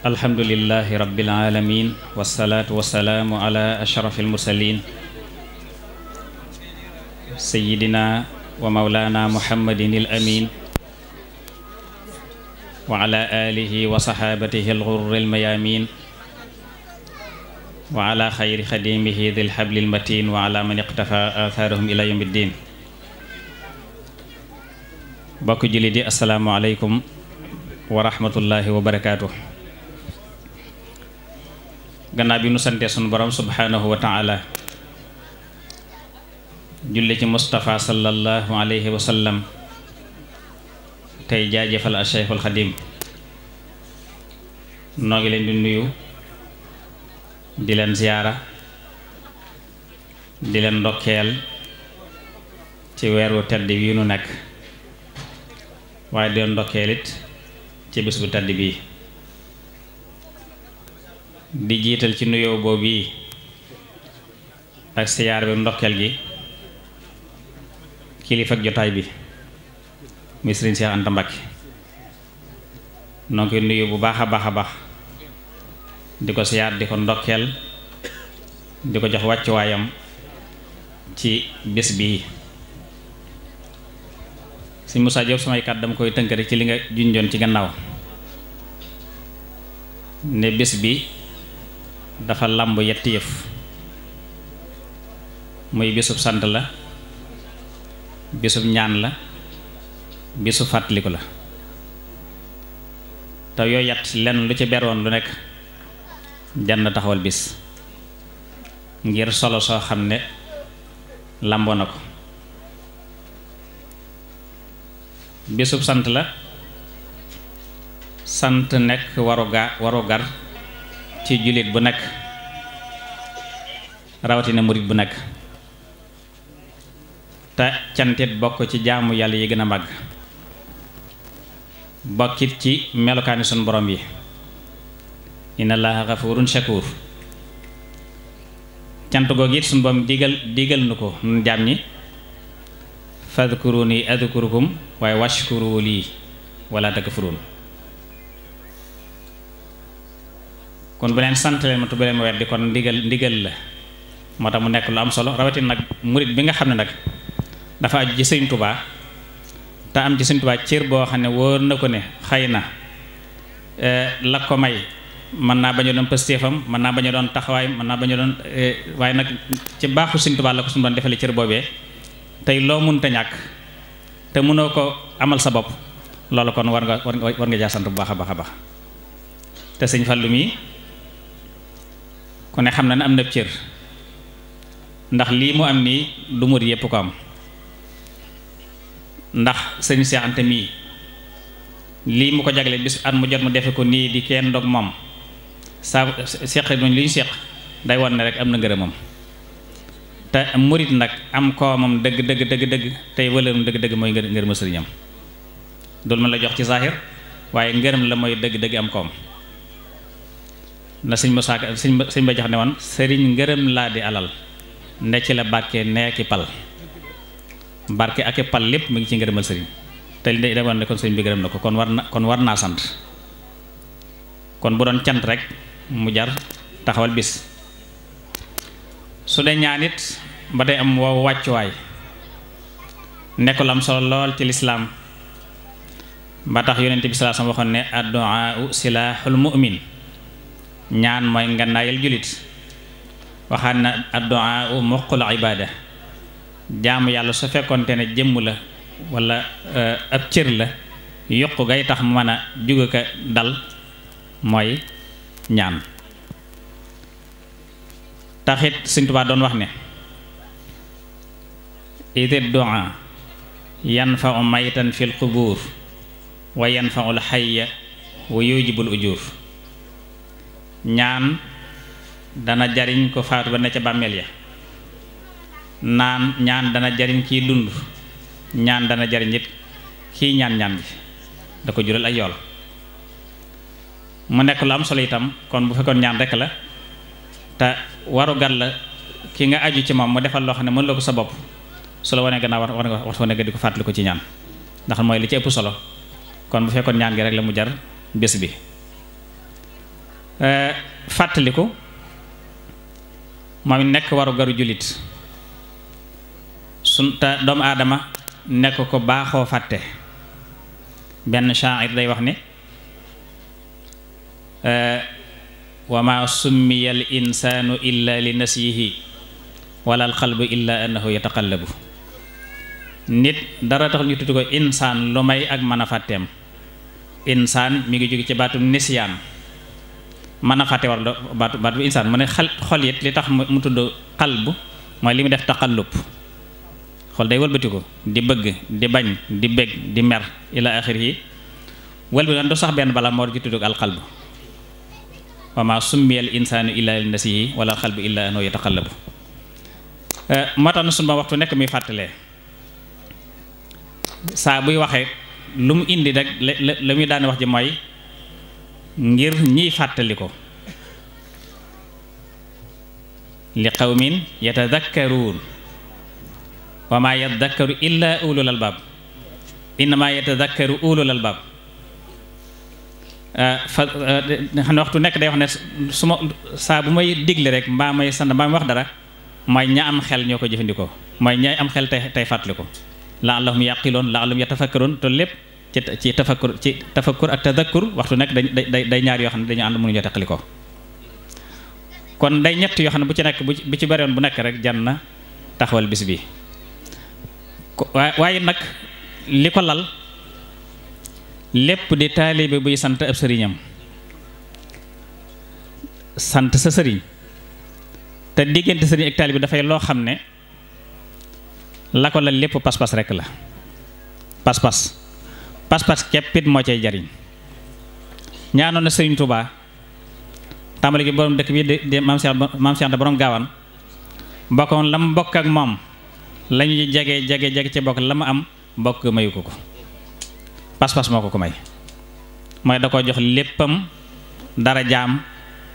alhamdulillahi rabbil alamin wassalaatu wassalaamu ala ashrafil mursalin sayyidina wa mawlana muhammadin il amin wa ala alihi wa sahabatihi al ghurril mayamin wa ala xayri xadimihi dil hablil matin wa ala man iqtafa atharahum ila yawmiddin bokk julli di assalaamu aleykum wa rahmatullahi wa barakatuh gannaaw bi nu santee sunu borom subhaanahu wa taala julli ci Moustapha sallallahu alayhi wa sallam tey jaajëfal a Cheikhul noo ngi leen di nuyu di leen ziyaara di leen ndokkeel ci weeru tedd bii nu nekk waaye di leen ndokkeel it ci bis bu tedd bii di jiital ci nuyoo boobu yi ak siyaar bi ndokkeel gi kilifa ak jotaay bi muy Sëriñ Seex Anta Mbakke nuyu bu baax a baax a baax di ko siyaar di ko ndokkeel di ko jox wàccuwaayam ci bés bi si musaa Diop samay kàddu koy tënk ci li nga junjoon ci gannaaw ne bés bi dafa làmb yetti yëf muy bisub sant la bisub ñaan la bisu fàttaliku la te yooyu yat lenn lu ci beroon lu nekk jan na taxawal bis ngir solo soo xam ne làmboo na ko bisub sant la sant nekk waruga warugar ci jullit bu nekk rawatina murit bu nag te cantit bokk ci jaamu yàlla yi gën a màgg bokkit ci melokaani sunu borom yi inna allaha ghafurun shakur cant googu it sunu digal digal nu ko nun jaam ñi fadkuruni adkurukum waaye washkuru lii wala takfurun kon beneen leen sant leen ma tu bu leen weddi kon ndigal ndigal la moo tax mu nekk lu am solo rawatina nag murit bi nga xam ne nag dafa aju ci sëñ tubaa te am ci sëñ tubaa cër boo xam ne wóor na ko ne xëy na eh, la ko may mën naa bañ a mën naa bañ a doon taxawaay mën naa bañ doon eh, waaye nag ci baaxu sëñ tubaa la ko suñu doon defalee cër boobee tey loo mënta ñàkk te mënoo ko amal sa bopp loolu kon war nga war nga war nga jaa sant bu baax a baax a baax te sëñ Fallu mi ku ne xam na ne am na cër ndax lii mu am nii du murid yépp ko am ndax sëñ Seex mii lii mu ko jagle bis at mu jot mu defe ko nii di kenn ndog moom saa seq nañ li ñu seq day wan ne rek am na ngërëmam te murid nag am koomam dëgg dëgg dëgg dëgg tey wëlërum dëgg dëgg mooy ma sëriñam dul ma la jox ci saaxir waaye ngërëm la mooy dëgg dëgg am koom na sëñ Moussa Ka sëñ sëñ ba jox ne woon sëriñ ngërëm laa di alal ne ci la barke neeki pal barke ak i pal lépp mu ngi ci ngërëmal sëriñ te li da woon ne kon sëriñ bi gërëm na ko kon war na kon war naa sant kon bu doon cant rek mu jar taxawal bis su dee ñaan it ba tey am wow wàccuwaay nekkul am solo lool ci lislaam ba tax yonent bi sallallahu alayhi wasallam waxoon ne addu'a silahul mu'min ñaan mooy ngànnaayal julit waxaat na addu'a muqul ibada jaamu yàlla su fekkoonte ne jëmm la walla euh, ab cër la yokku gay tax mën a jóge dal mooy ñaan taxit Sëñ doon wax ne ite du'a yanfa'u maytan fil qubur wa yanfa'u al hayya wa yujibul ujur ñaan dana jariñ ko faatu ba ne ca bàmmeel ya naan ñaan dana jariñ kiy dund ñaan dana jariñ it kiy ñaan ñaan ji da ko jural ay yool mu nekk lu am solo itam kon bu fekkoon ñaan rekk la te waru la ki nga aju ci moom mu defal loo xam ne mën la ko sa bopp su la wanee gannaaw war nga waxtu wane nga di ko fàttali ko ci ñaan ndax mooy li ci ëpp solo kon bu fekkoon ñaan gi rek la mu jar bés bi Eh, fàttaliku moom it nekk waru garu jullit sunte doomu aadama nekk ko baaxoo fàtte benn shaa'ir day wax ne eh, wa ma summiya al insaanu illa li nasiyihi wala al qalbu illa annahu nit dara tax ñu tuddu ko insaan lu may ak mën a fàtteem insaan mi ngi jóge ci baatum nisyaan mën a fàtte war la baatu baatu insaan mu ne xal xol it li tax mu tudd xalbu mooy li mu def taxallub xol day wëlbatiku di bëgg di bañ di bëgg di mer ila axir yi wëlbi du sax benn bala moo ci tudd alxalbu wa ma summiyal insaanu illa li xal wala xalbu illa anoo yataxallabu eh, moo tax na sunu waxtu nekk muy fàttalee saa buy waxee lu mu indi rek la muy daan wax ji mooy ngir ñiy fàttali ko li qawmin yatadakkaruun wa maa yadakkaru illa ulul albaab innama yatadakkaru ulul albaab ah, fa ah, xam ne waxtu nekk day wax ne su ma saa may digle rek mbaa may sant mbaa may wax dara mooy ña am xel ñoo ko jëfandikoo mooy ña am xel tey tey fàttali ko la allahum yaqiloon la allahum yatafakkaroon te lépp ci ci tafakkur ci tafakkur ak tadakkur waxtu nekk day day ñaar yoo xam ne dañu ànd mënuñoo teqali ko kon day ñetti yoo xam ne bu ci nekk bu ci bëri bu nekk rek jan na taxawal bis bi waaye waaye nag li ko lal lépp di taalibe buy sant ab sëriñam sant sa sëriñ te diggante sëriñ ak taalibe dafay loo xam ne la ko lal lépp pas-pas rek la pas-pas pas-pas képpit moo cay jariñ ñaanoon na Serigne Touba tàmbali gi borom dëkk bi di maam Cheikh maam Cheikh da borom gaawaan bokkoon bokk ak moom la jege jege jege ci bokk la mu am bokk mayu ko ko pas-pas moo ko ko may mooy da koo jox léppam dara jaam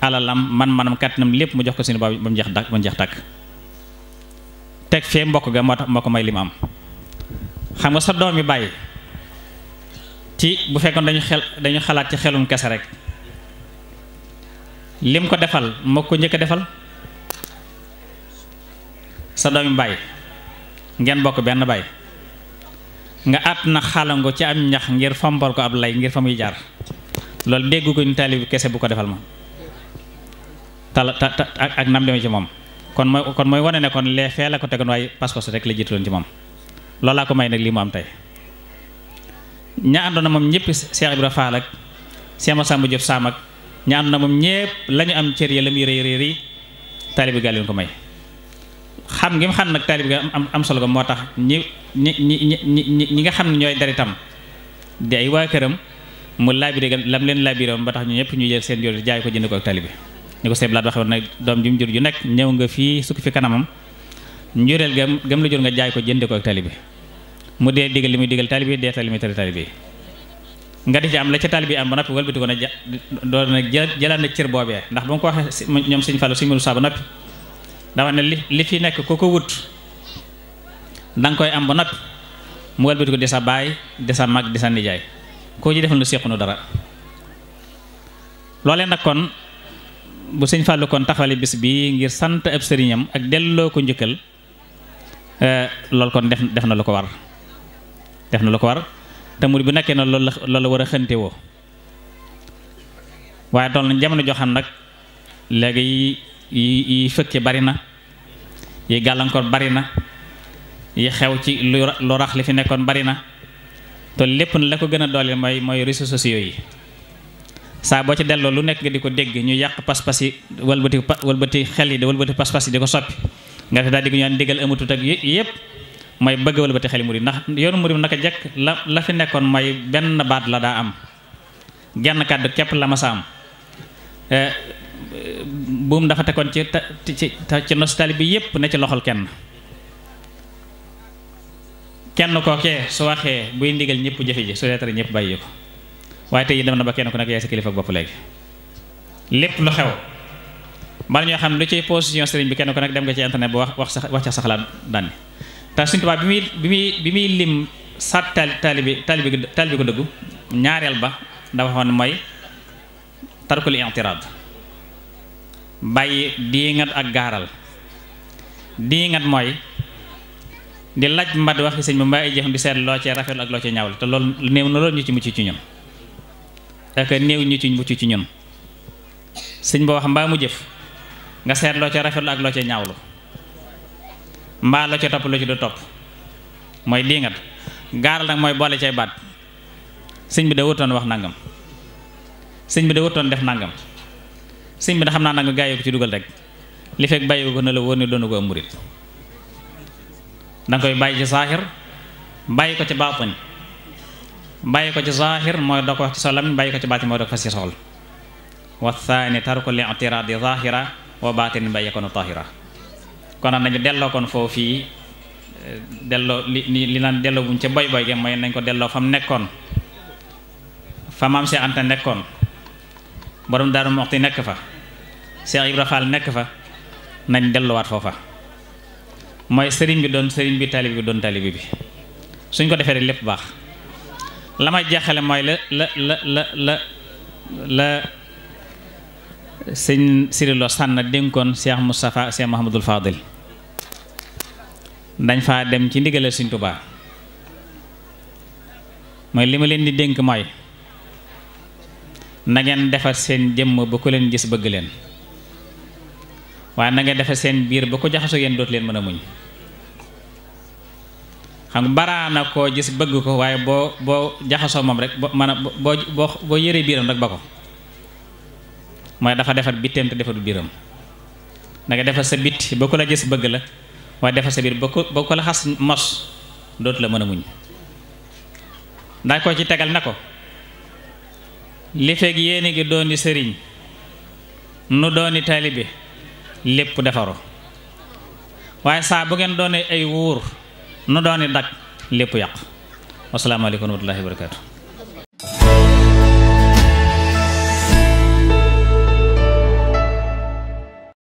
alalam man manam kàttanam lépp mu jox ko suñu ba mu jeex ba mu jeex tàkk teg fee mbokk ga moo tax moo ko may li mu am xam nga sa doom yi bàyyi ci bu fekkoon dañu xel dañu xalaat ci xelum kese rek lim ko defal moo ko njëkk defal sa doomi baay ngeen bokk benn baay nga at na xalango ci am ñax ngir fambal ko ab lay ngir fa muy jaar loolu dégg ko ñu taalibu kese bu ko defal ma tala ta ak nam demee ci moom kon mooy kon mooy wane ne kon lee la ko tegoon waaye pas rek la jiitaloon ci moom loolaa ko may nag lii mu am tey ña àndoon na moom ñëpp Cheikh Ibra Fall ak Cheikh Massamba Diop Sam ak ña àndoon na moom ñëpp lañu am cër ya la muy rëy rëy rëy taalibi gaa leen ko may xam ngi mu xam nag taalibi nga am am solo ga moo tax ñi ñi ñi ñi ñi nga xam ne ñooy daritam di ay waa këram mu laabire lam leen laabiram ba tax ñu ñëpp ñu jël seen jor jaay ko jënd ko ak taalibi ni ko seeblaat waxee woon nag doom ju mu jur ju nekk ñëw nga fii sukk fi kanamam njureel gam gam la jur nga jaay ko jënd ko ak taalibi mu dee digal li muy digal taalibe dee tal li muy tere taalibe nga di jaam la ci ca taalibe am ba noppi walbati ko nag doon nag jëlaat na cër boobee ndax ba mu ko waxee ñoom sëñ Fallou sëñ Modou Sa ba noppi dafa ne li li fi nekk ku ko wut danga koy am ba noppi mu walbati ko di sa baay di sa mag di sa nijaay koo ji defal lu séqunu dara loolee nag kon bu sëñ Fallou kon taxawale bis bi ngir sant ab sëriñam ak delloo ko njëkkal eh, loolu kon def def na lu ko war def na lu ko war te murid bi nekkee na loolu la loolu la war a xënte woo waaye toll nañ jamono joo nag léegi yi yi fëkke bari na yi gàllankoor bari na yi xew ci lu rax li fi nekkoon bari na te lépp na la ko gën a doole mooy mooy réseaux sociaux yi saa boo ci delloo lu nekk nga di ko dégg ñu yàq pas-pas yi walbati walbati xel yi di walbati pas-pas yi di ko soppi nga fi daa di ñaan digal amatul ak yëpp mooy bëgg wëlbati xel murid ndax yoonu murid naka jekk la la fi nekkoon mooy benn baat la daa am genn kàddu képp la ma sa am eh, buum dafa tegoon ci ci ci nostali bi yépp ne ci loxol kenn kenn kookee su waxee buy ndigal ñëpp jëfe ji su leetare ñëpp bàyyi ko waaye tey dem na ba kenn ku nekk yaay sa kilifa ak bopp léegi lépp lu xew bala ñoo xam lu ciy position sëriñ bi kenn ko nekk dem nga ci internet bu wax wax sa wax ca saxalaat daan te Sëriñ Tuubaa bi muy bi muy bi muy lim sat taali taalibi taalibi taalibi ko dëggu ñaareel ba dafa waxoon mooy tarkul i'tiraad bàyyi diingat ak gaaral diingat mooy di laaj mbadd waxi sëñ bi mbaa ay jëfam di seet loo cee rafetlu ak loo cee ñaawlu te lool néew na loolu ñu ci mucc ci ñun ak mucc ci ñun sëñ boo wax mbaa mu jëf nga seet loo cee rafetlu ak loo cee ñaawlu mbaa la ca topp lu ci du topp mooy lii ngat gaaral nag mooy boole cay baat sëñ bi de wutoon wax nangam sëñ bi de wutoon def nangam sëñ bi de xam naa nag gaa yi ko ci dugal rek li fekk bàyyi ko ne la woon ni doonu ko am murit danga koy bàyyi ci saaxir bàyyi ko ci baatin bàyyi ko ci saaxir mooy doo ko wax ci solam bàyyi ko ci baatin mooy doo ko fas ci soxla wa thaani tarku li i'tiraadi zaahira wa baatin bàyyi ko na taahira kon nañu delloo koon foofu fii delloo li li naan delloo buñ ca boy boy ge mooy nañ ko delloo fa nekkoon fa maam Cheikh Anta nekkoon borom Daaru Muxti nekk fa Cheikh Ibra Fall fa nañ delluwaat foofa mooy sëriñ bi doon sëriñ bi taalib doon taalib bi suñ ko defee rek lépp baax la may jeexale la la la la la la sëñ Sirilo Sànn dénkoon Cheikh Moustapha Cheikh Mahamadul Fadil dañ faa dem ci ndigalal Sëriñ Tuubaa mooy li ma leen di dénk mooy na ngeen defar seen jëmm ba ku leen gis bëgg leen waaye na ngeen defar seen biir ba ko jaxasoo yéen dootu leen mën a muñ xam baraana koo gis bëgg ko waaye boo boo jaxasoo moom rek boo man a boo boo boo biiram rek ba ko mooy dafa defar bitteem te defaru biiram na nga defar sa bitti ba ku la gis bëgg la waaye defar sa biir ba ko ba ko la xas mos dootu la mën a muñ ndax ko ci tegal na ko li fekk yéen a ngi dooni sëriñ nu dooni taalibe lépp defaru waaye saa bu ngeen doone ay wuur nu dooni dag lépp yàqu wasalaamaaleykum wa rahmatullahi wa